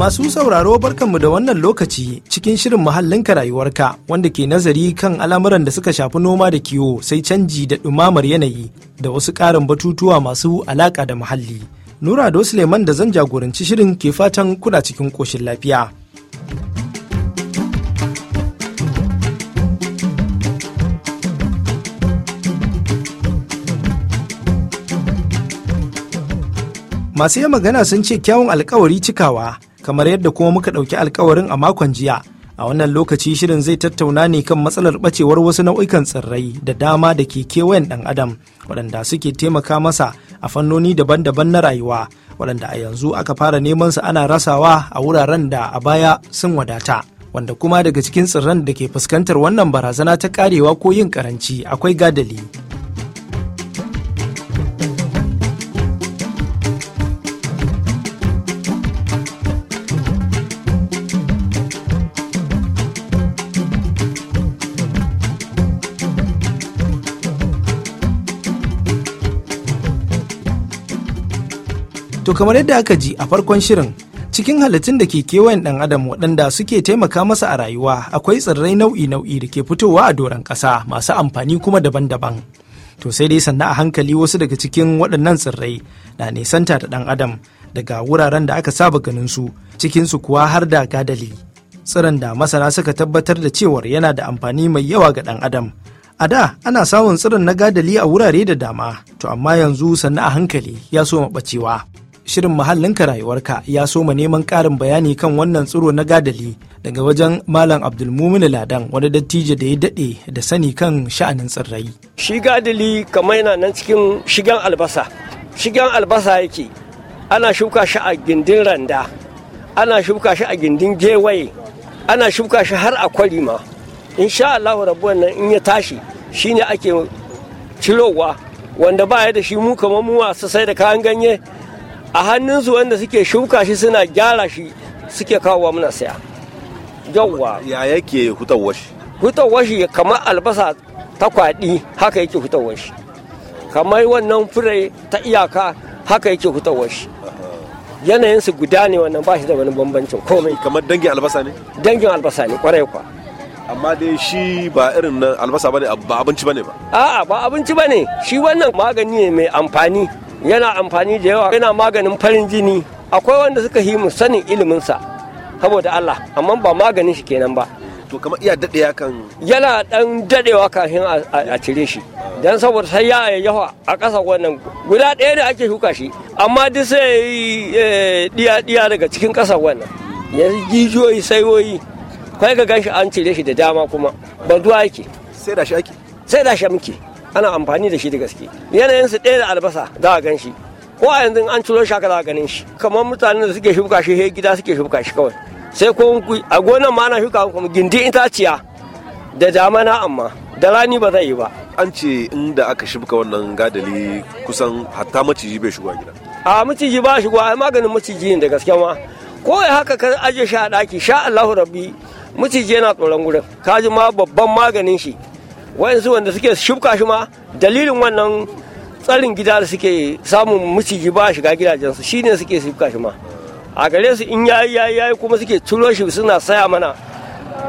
Masu sauraro barkanmu da wannan lokaci cikin shirin muhallinka rayuwarka wanda ke nazari kan al'amuran da suka shafi noma da kiwo sai canji da ɗumamar yanayi da wasu ƙarin batutuwa masu alaƙa da muhalli. Nura wasu Suleiman da zan jagoranci shirin ke fatan kuna cikin ƙoshin lafiya. Masu yi magana sun ce kyawun alkawari cikawa kamar yadda kuma muka ɗauki alkawarin a makon jiya a wannan lokaci shirin zai tattauna ne kan matsalar ɓacewar wasu nau'ikan tsirrai da dama da ke kewayen ɗan adam waɗanda suke taimaka masa a fannoni daban-daban na rayuwa waɗanda a yanzu aka fara neman su ana rasawa a wuraren da a baya sun wadata wanda kuma daga cikin tsirran da ke fuskantar wannan barazana ta karewa ko yin karanci akwai gadali To kamar yadda aka ji a farkon shirin cikin halittun da ke kewayen ɗan adam waɗanda suke taimaka masa a rayuwa akwai tsirrai nau'i-nau'i da ke fitowa a doron ƙasa masu amfani kuma daban-daban. To sai dai sannan a hankali wasu daga cikin waɗannan tsirrai na nisanta da ɗan adam daga wuraren da aka saba ganin su cikin su kuwa har da gadali. Tsiron da masana suka tabbatar da cewar yana da amfani mai yawa ga ɗan adam A da ana samun tsirin na gadali a wurare da dama, to amma yanzu sannu a hankali ya so maɓacewa. shirin ka rayuwarka ya soma neman karin bayani kan wannan tsiro na gadali daga wajen malam abdulmumin ladan wani dattijo da ya daɗe da sani kan sha'anin tsirrai shi gadali kamar yana nan cikin shigan albasa shigan albasa yake ana shuka shi a gindin randa ana shuka shi a gindin gewaye ana shuka shi har a kwari ma insha allahu rabuwan nan in ya tashi shine ake cirowa wanda ba ya da shi mu kamar mu wasu sai da kayan ganye a hannunsu wanda suke shuka shi suna gyara shi suke kawo muna saya yawwa ya yake hutawar shi hutawar shi kamar albasa ta kwaɗi haka yake hutawar shi kamar wannan fure ta iyaka haka yake hutawar shi yanayin su guda ne wannan ba shi da wani bambancin komai kamar dangin albasa ne dangin albasa ne kwarai kwa amma dai shi ba irin albasa bane ba abinci bane ba a'a ba abinci bane shi wannan magani ne mai amfani yana amfani da yawa yana maganin farin jini akwai wanda suka himu sanin iliminsa saboda Allah amma ba maganin shi kenan ba to kamar iya daɗe kan yana ɗan daɗewa kafin a cire shi don saboda sai ya yawa a ƙasa wannan guda ɗaya ne ake shuka shi amma duk sai diya diya daga cikin ƙasa wannan yanzu jijiyoyi saiwoyi kai ga ganshi an cire shi da dama kuma ba zuwa yake sai da shi ake sai da shi muke ana amfani da shi da gaske yanayin su ɗaya da albasa za a gan shi ko a yanzu an ciro shaka za a ganin shi kamar mutanen da suke shuka shi gida suke shuka shi kawai sai ko a gonan ma ana shuka kuma ta itaciya da damana amma da rani ba zai yi ba an ce inda aka shuka wannan gadali kusan hatta maciji bai shigo gida a maciji ba shigo ai maganin maciji ne da gaske ma ko ya haka ka aje shi a daki sha Allahu rabbi maciji yana tsoron gurin kaji ma babban maganin shi wayansu wanda suke shubka shi ma dalilin wannan tsarin gida da suke samun miciji ba shiga gidajensu shine suke shubka shi ma a gare su in yayi yayi yayi kuma suke turo shi suna saya mana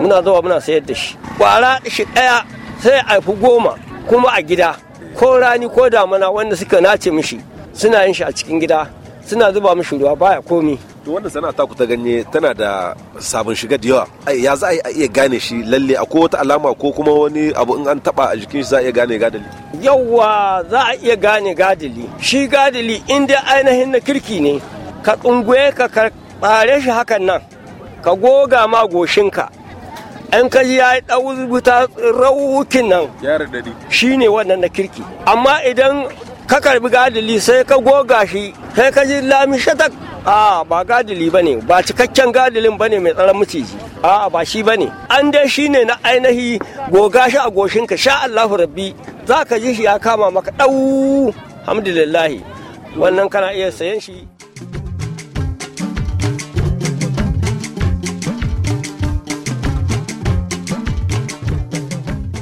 muna zuwa muna sayar da shi kwara shi daya sai a fi goma kuma a gida ko rani ko damana wanda suka nace mishi suna yin shi a cikin gida suna zuba mishi ruwa baya komi to wanda sana'a ta ku ta ganye tana da sabon shiga da yawa ya za a iya gane shi lalle a wata alama ko kuma wani abu in an taba a jikin shi za a iya gane gadili. yawa za a iya gane gadali shi gadali inda ainihin na kirki ne ka tsunguye ka kare shi hakan nan ka goga ma ka. an ka ya yi ɗau wuta rawukin nan shi ne wannan na kirki amma idan ka karbi gadili sai ka goga shi sai ka ji lami shatak a ba gadili ba ne ba cikakken gadilin ba ne mai tsaron maciji a ba shi ba ne an dai shi ne na ainihi goga shi a goshinka sha allahu rabbi za ka ji shi ya kama maka ɗau hamdulillahi wannan kana iya sayan shi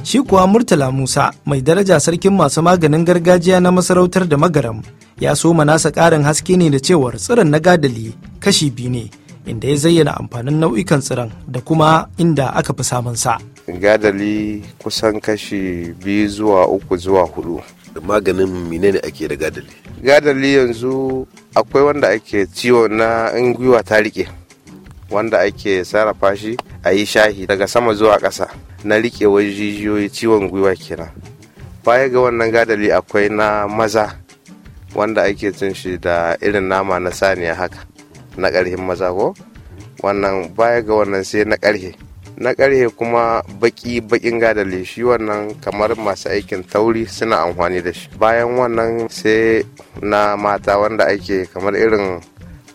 Shi kuwa Murtala Musa mai daraja sarkin masu maganin gargajiya na masarautar da magaram ya soma nasa ƙarin haske ne da cewar tsiron na gadali kashi biyu ne inda ya zayyana amfanin nau'ikan tsiron da kuma inda aka fi samun sa. Gadali kusan kashi biyu zuwa uku zuwa hudu. maganin ne ake da gadali? Gadali yanzu akwai wanda ake ciwo na in gwiwa ta rike wanda ake sarrafa shi a yi shahi daga sama zuwa ƙasa na riƙewar jijiyoyi ciwon gwiwa kenan baya ga wannan gadali akwai na maza wanda ake cin shi da irin nama na saniya haka na ƙarhin maza ko wannan baya ga wannan sai na ƙarhe na ƙarhe kuma baƙi-baƙin gadali shi wannan kamar masu aikin tauri suna amfani da shi bayan wannan sai na mata wanda ake kamar irin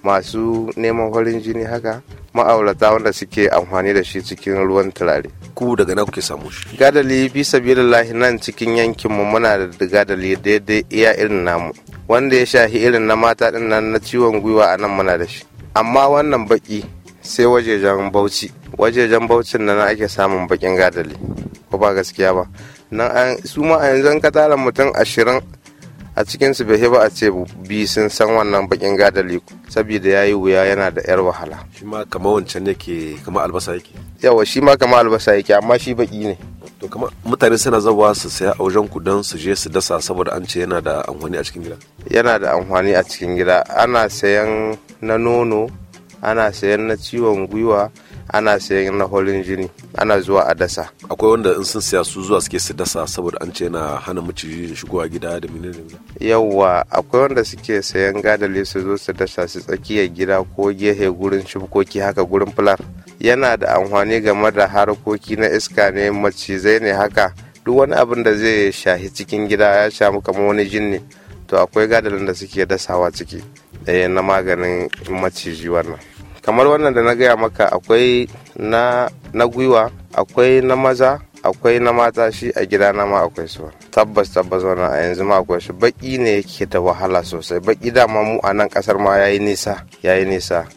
masu neman farin jini haka ma'aurata wanda suke amfani da shi cikin ruwan turare. Ku daga na kuke samu shi? Gadali bi lahi nan cikin yankinmu muna da gadali daidai iya irin namu. Wanda ya shahi irin na mata din nan na ciwon gwiwa a nan muna da shi. Amma wannan baki sai wajejen bauchi. Wajejen baucin nan ake samun bakin gadali. Ko ba gaskiya ba. Nan su ma a yanzu ka tara mutum ashirin a cikin su bai ba a ce bi sun san wannan bakin gadali saboda yi wuya yana da yar wahala shi ma kama wancan yake kama albasa yake yawa shi ma kama albasa yake amma shi baki ne to kama mutane suna zawa su saya a wajen ku don su je su dasa saboda an ce yana da amfani a cikin gida yana da amfani a cikin gida ana sayan na nono ana sayan na ciwon gwiwa ana sayan na holin jini ana zuwa a dasa akwai wanda in sun siya su zuwa suke su dasa saboda an ce na hana maciji shigowa gida da da. yawwa akwai wanda suke sayan gadali su zo su dasa su tsakiyar gida ko gehe gurin shibkoki haka gurin fular yana da amfani game da harkoki na iska ne macizai ne haka duk wani abin da zai shahi cikin gida ya shamu kamar wani jin ne to akwai gadalin da suke dasawa ciki eh, na maganin maciji wannan kamar wannan da na gaya maka akwai na gwiwa akwai na maza akwai na mata shi a gida na ma akwai su tabbas tabbas wannan a yanzu ma akwai shi baki ne yake ta wahala sosai baki dama mu a nan kasar ma yayi nisa yayi nisa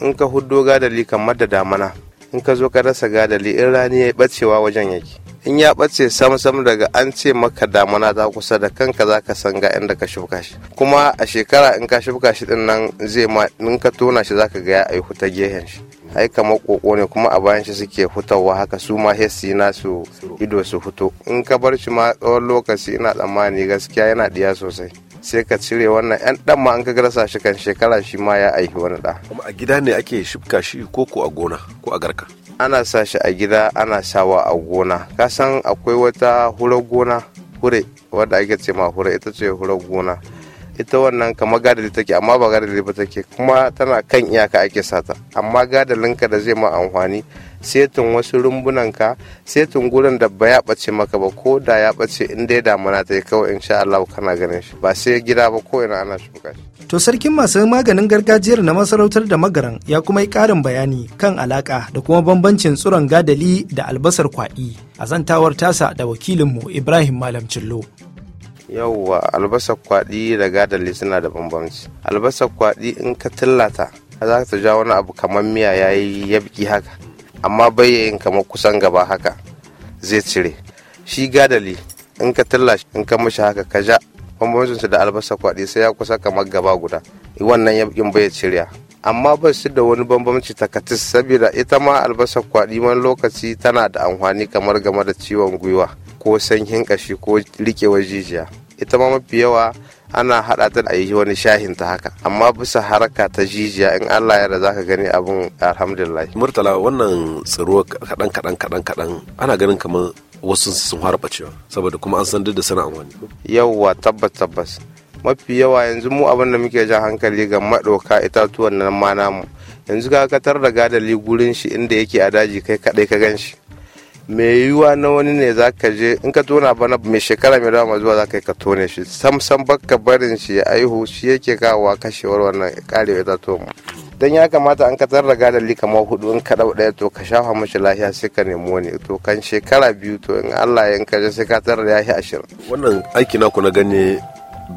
in ka huddo gadali kamar da damana in ka zo ka rasa gadali in rani ya bacewa wajen yake in ya ɓace sam-sam daga an ce maka damana za kusa da kanka za ka san ga inda ka shuka shi kuma a shekara in ka shuka shi din nan zai ma in ka tona shi za ka ga ya aihu ta gehen shi ai kamar koko ne kuma a bayan shi suke hutawa haka su ma hesi na su ido su fito in ka bar shi ma tsawon lokaci ina tsammani gaskiya yana ɗiya sosai sai ka cire wannan yan dan ma an ka gara shi kan shekara shi ma ya aihi wani da kuma a gida ne ake shuka shi ko a gona ko a garka ana sa shi a gida ana sawa a gona kasan akwai wata hura gona hure wadda ake ce ma hura ita ce hura gona ita wannan kamar gadali take amma ba gadali ba take kuma tana kan iyaka ake sata amma gadalinka da zai ma amfani setin wasu rumbunanka setin gurin da ba ya ɓace maka ba ko da ya ɓace in dai damana ta yi kawai in sha Allah kana ganin shi ba sai gida ba ko ina ana shuka shi. To sarkin masu maganin gargajiyar na masarautar da magaran ya kuma yi karin bayani kan alaƙa da kuma bambancin tsuron gadali da albasar kwaɗi a zantawar tasa da wakilinmu Ibrahim Malam Cillo. Yauwa albasar kwaɗi da gadali suna da bambanci. Albasar kwaɗi in ka tillata za ta ja wani abu kamar miya yayi yabki haka. amma bayyayin kamar kusan gaba haka zai cire shi gadali in ka tilla in ka mashi haka ka ja bambancinsu da albasa kwaɗi sai ya kusa kamar gaba guda wannan ya in bai cire amma ba su da wani bambanci takatis saboda ita ma albasa kwaɗi wani lokaci tana da amfani kamar game da ciwon gwiwa ko sanyin kashi ko riƙewar jijiya ita ma mafi yawa ana haɗa ta a yi wani shahin ta haka amma bisa haraka ta jijiya in Allah ya za ka gani abun alhamdulillah murtala wannan tsaro kaɗan kaɗan kaɗan kaɗan ana ganin kamar wasu sun fara bacewa saboda kuma an san duk da suna amfani yawwa tabbas tabbas mafi yawa yanzu mu abin da muke jan hankali ga maɗauka itatuwan nan ma namu yanzu ka katar da gadali gurin shi inda yake a daji kai kaɗai ka gan shi mai yiwuwa na wani ne za ka je in ka tona bana mai shekara mai dama zuwa za ka yi ka tone shi sam sam baka barin shi ya aihu shi yake kawo kashewar wannan karewa ta to mu dan ya kamata an ka da gadali kamar hudu in ka dau daya to ka shafa mashi lafiya sai ka nemo ne to kan shekara biyu to in Allah ya ka je sai ka ya shi ashirin wannan aiki na ku na gani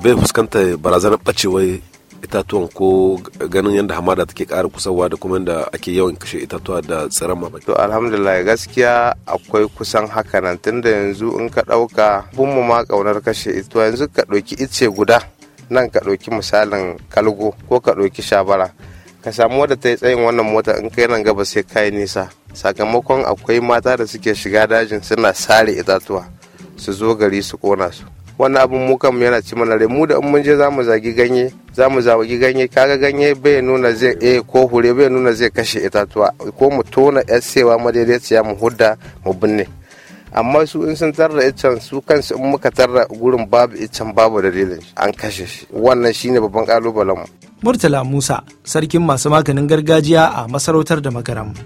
bai fuskanta barazanar bacewai itatuwan ko ganin yadda hamada take ƙara kusawa da kuma yadda ake yawan kashe itatuwa da tsiran ma to alhamdulillah gaskiya akwai kusan haka nan tunda yanzu in ka ɗauka mu ma ƙaunar kashe itatuwa yanzu ka ɗauki ice guda nan ka ɗauki misalin kalgo ko ka ɗauki shabara ka samu wadda ta yi tsayin wannan mota in kai nan gaba sai kai nisa sakamakon akwai mata da suke shiga dajin suna sare itatuwa su zo gari su kona su wani abin mu yana ci mana rai mu da in mun je mu zagi ganye mu zagi ganye kaga ganye bai nuna zai eh, ko hure bai nuna zai kashe itatuwa ko mu tona yar sewa madaidaiciya mu hudda mu binne amma su in sun tarra iccen su kansu in muka tarra gurin babu iccen babu dalilin an kashe shi wannan shine babban kalubalen mu Murtala Musa, sarkin masu maganin gargajiya a masarautar da magaram.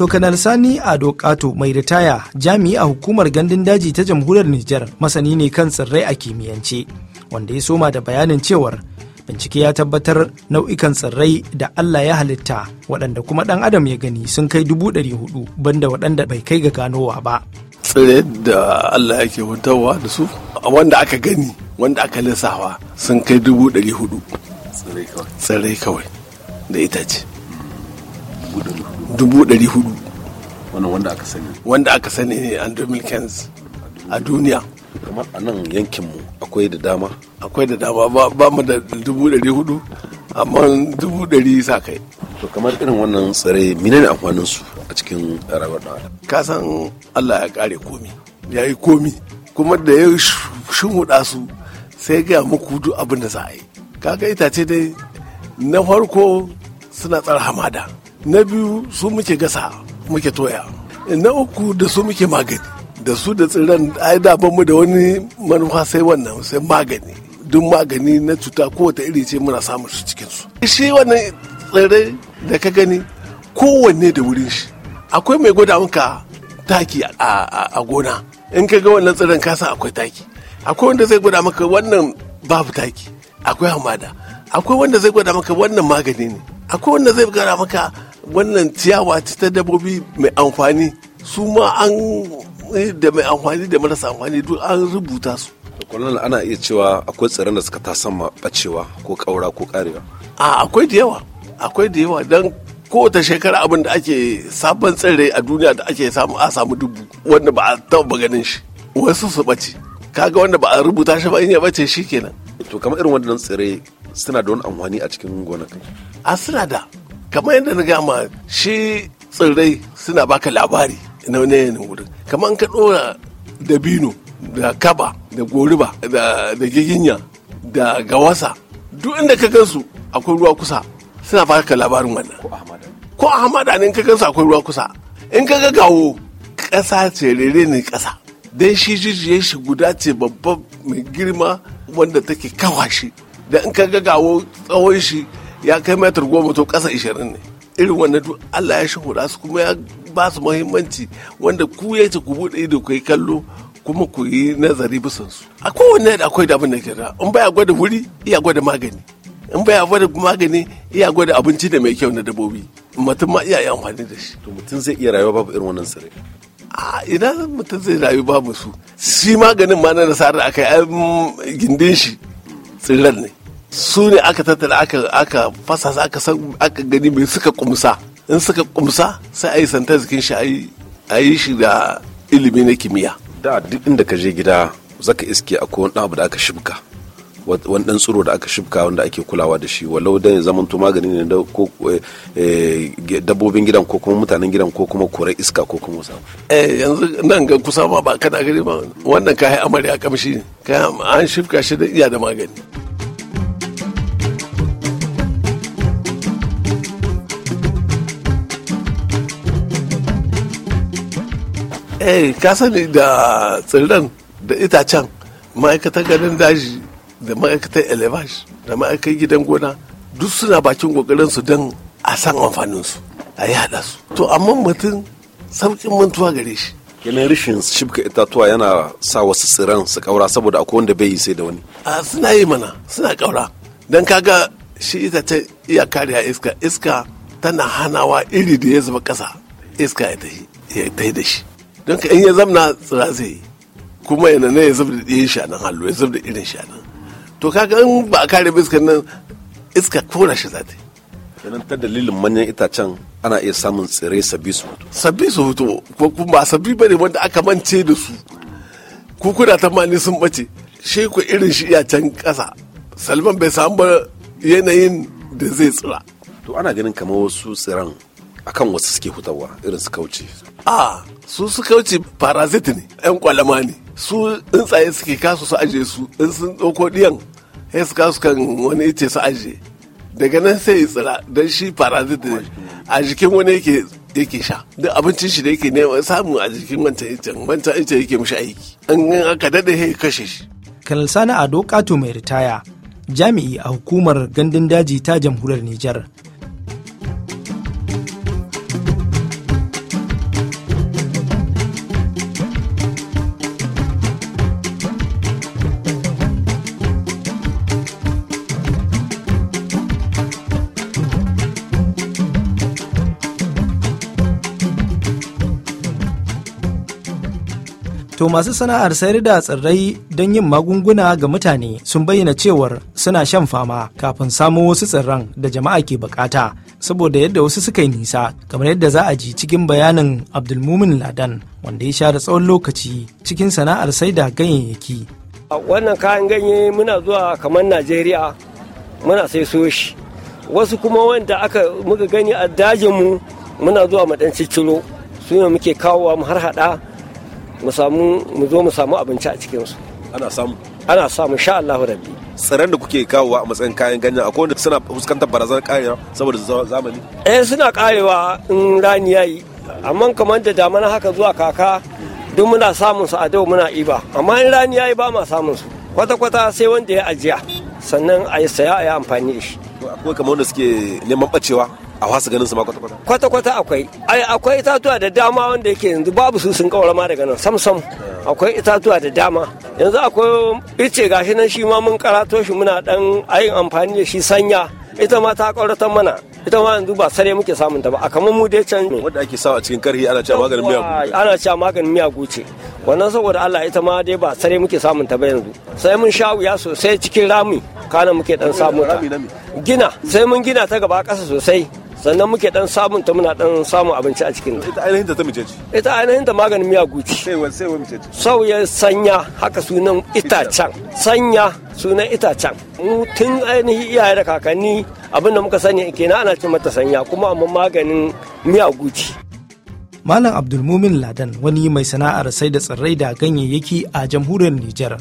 to kanar sani ado kato mai ritaya jami'i a hukumar gandun daji ta jamhuriyar nijar masani ne kan tsirrai a kimiyyance wanda ya soma da bayanin cewar bincike ya tabbatar nau'ikan tsirrai da allah ya halitta waɗanda kuma ɗan adam ya gani sun kai dubu ɗari hudu banda waɗanda bai kai ga ganowa ba tsirrai da allah yake hutarwa da su wanda aka gani wanda aka lissawa sun kai dubu ɗari hudu tsirrai kawai da itace dubu wanda aka sani wanda a sani a duniya kamar a nan yankinmu akwai da dama akwai da dama ba mu da dubu hudu amma dubu ɗari sa kai to kamar irin wannan tsare menene amfanin su a cikin rayuwar da ka san Allah ya kare komi ya yi komi kuma da ya shumuɗa su sai gaya muku duk abin da za a yi kaga itace dai na farko suna tsara hamada na biyu su muke gasa muke toya na uku da su muke magani da su da tsirran ai da mu da wani manufa sai wannan sai magani duk magani na cuta kowace iri ce muna samun su cikin su shi wannan tsirre da ka gani kowanne da wurin shi akwai mai gwada maka taki a gona in ka ga wannan tsirran kasa akwai taki akwai wanda zai gwada maka wannan babu taki akwai hamada akwai wanda zai gwada maka wannan magani ne akwai wanda zai gwada maka wannan ciyawa ce ta dabbobi mai amfani su ma an da mai amfani da marasa amfani duk an rubuta su kwanan ana iya cewa akwai tsiran da suka ta sama bacewa ko kaura ko karewa a akwai da yawa akwai da yawa don kowace shekara abin da ake sabon tsirrai a duniya da ake samu a samu dubu wanda ba a taba ganin shi wasu su bace kaga wanda ba a rubuta shi ba in ya bace shi kenan to kamar irin wannan tsirrai suna da wani amfani a cikin gonakai a suna da kamar yadda na gama shi tsirrai suna baka labari na wani yanayin wurin kamar ka ɗora dabino da kaba da goriba da giginya da gawasa duk inda ka gansu akwai ruwa kusa suna baka labarin wannan ko a hamada ne ka gansu akwai ruwa kusa in ka ga gawo ƙasa ce rere ne ƙasa don shi jijiyar shi guda ce babba mai girma wanda take kawashi da in ka ga gawo tsawon shi ya kai metar goma to kasa ishirin ne irin wannan duk Allah ya shahura su kuma ya ba su muhimmanci wanda ku ya ce ku buɗe ido ku yi kallo kuma ku yi nazari bisan su a kowanne da akwai da abin da ke da in baya gwada wuri iya gwada magani in baya gwada magani iya gwada abinci da mai kyau na dabobi mutum ma iya yi amfani da shi to mutum zai iya rayuwa babu irin wannan tsire a ina mutum zai rayu babu su shi maganin ma na nasarar akai mm, gindin shi tsirran ne su ne aka tattara aka fasa su aka san aka gani mai suka kumsa in suka kumsa sai a yi santa jikin shi a yi shi da ilimi na kimiyya da duk inda ka je gida zaka iske a kowane abu da aka shibka wani dan tsoro da aka shibka wanda ake kulawa da shi walau dan ya zamanto magani ne da ko eh, eh, dabbobin gidan ko kuma mutanen gidan ko kuma kore iska ko kuma wasa eh yanzu nan ga kusa ma ba kana gari ba wannan kai amarya kamshi kai an shibka shi da iya da magani eh ka sani da tsirran da itacen ma'aikatan ganin daji da ma'aikatan elevash da ma'aikatan gidan gona duk suna bakin su don a san su a yi haɗa su to amma mutum sauƙin mantuwa gare shi yanayin rishin shibka itatuwa yana sa wasu tsirran su kaura saboda akwai wanda bai yi sai da wani a suna yi mana suna kaura don ga shi ita ta iya kariya iska iska tana hanawa iri da ya zuba ƙasa iska ya tafi da shi don ka in ya zamna tsira zai kuma yana ne ya zubda ɗin shanan hallo ya da irin shanan to kaga in ba a kare ba iskan nan iska kora shi za ta yi ta dalilin manyan itacen ana iya samun tsire sabbi su hutu sabbi su hutu ko kuma sabbi bane wanda aka mance da su ku kuna mani sun bace shi ku irin shi iya can kasa salman bai samu ba yanayin da zai tsira to ana ganin kamar wasu tsiran akan wasu suke hutawa irin su kauce a su su kauce parasite ne yan kwalama ne su tsaye suke kasu su aje su in sun ɗauko ɗiyan sai su kasu kan wani ice su aje daga nan sai ya tsira don shi parasite ne a jikin wani yake yake sha duk abincin shi da yake nema samu a jikin wancan icen wancan icen yake mishi aiki in aka daɗe sai kashe shi kanal sani ado kato mai ritaya jami'i a hukumar gandun daji ta jamhuriyar nijar To masu sana'ar sayar da tsirrai don yin magunguna ga mutane sun bayyana cewar suna shan fama kafin samo wasu tsirran da jama'a ke bukata saboda yadda wasu suka yi nisa kamar yadda za a ji cikin bayanin Abdulmumin Ladan wanda ya sha da tsawon lokaci cikin sana'ar sai da ganyayyaki. Wannan kayan ganye muna zuwa kamar Najeriya muna sai so shi wasu kuma wanda aka muka gani a dajinmu muna zuwa mu dan cicciro su ne muke kawowa mu har hada mu samu mu zo mu samu abinci a cikin su ana samu ana samu sha Allahu rabbi tsaron da kuke kawowa a matsayin kayan ganyen akwai wanda suna fuskantar barazanar karewa saboda zamani eh suna karewa in rani yayi amma kamar da damana haka zuwa kaka duk muna samun su a dau muna iba amma in rani yayi ba ma samun su kwata kwata sai wanda ya ajiya sannan a saya a yi amfani da shi akwai kamar wanda suke neman bacewa a wasu ganin su ma kwata-kwata kwata-kwata akwai ai akwai itatuwa da dama wanda yake yanzu babu su sun kawar ma daga nan sam sam akwai itatuwa da dama yanzu akwai ice gashi nan shi ma mun karato shi muna dan ayin amfani da shi sanya ita ma ta kauratar mana ita ma yanzu ba sare muke samun ta ba a kamar mu dai can wanda ake sawa a cikin karhi ana cewa maganin miya guce. ana cewa maganin miya guce. wannan saboda Allah ita ma dai ba sare muke samun ta ba yanzu sai mun sha wuya sosai cikin rami kana muke dan samu ta gina sai mun gina ta gaba kasa sosai sannan muke dan samun ta muna dan samun abinci a cikin ta ita ainihin ta mace ce ita ainihin ta maganin miya guci sai wani sai wani mace ce sauya sanya haka sunan itacen sanya sunan itacen mu tun ainihin iyaye da kakanni abin da muka sani kenan ana cin mata sanya kuma amma maganin miya guci Malam Abdulmumin Ladan wani mai sana'ar sai da tsirrai da ganyayyaki a jamhuriyar Nijar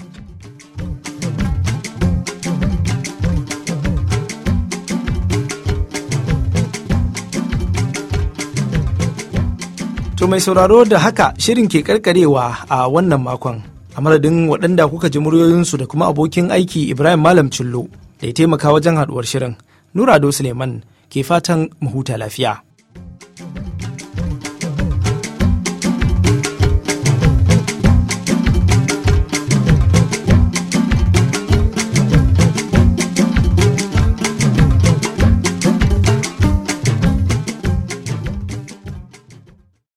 To mai sauraro da haka shirin ke karkarewa a wannan makon. A madadin waɗanda kuka ji muryoyinsu da kuma abokin aiki Ibrahim Malam Cillo da ya taimaka wajen haɗuwar shirin. Nura Ado Suleiman ke fatan mu huta lafiya.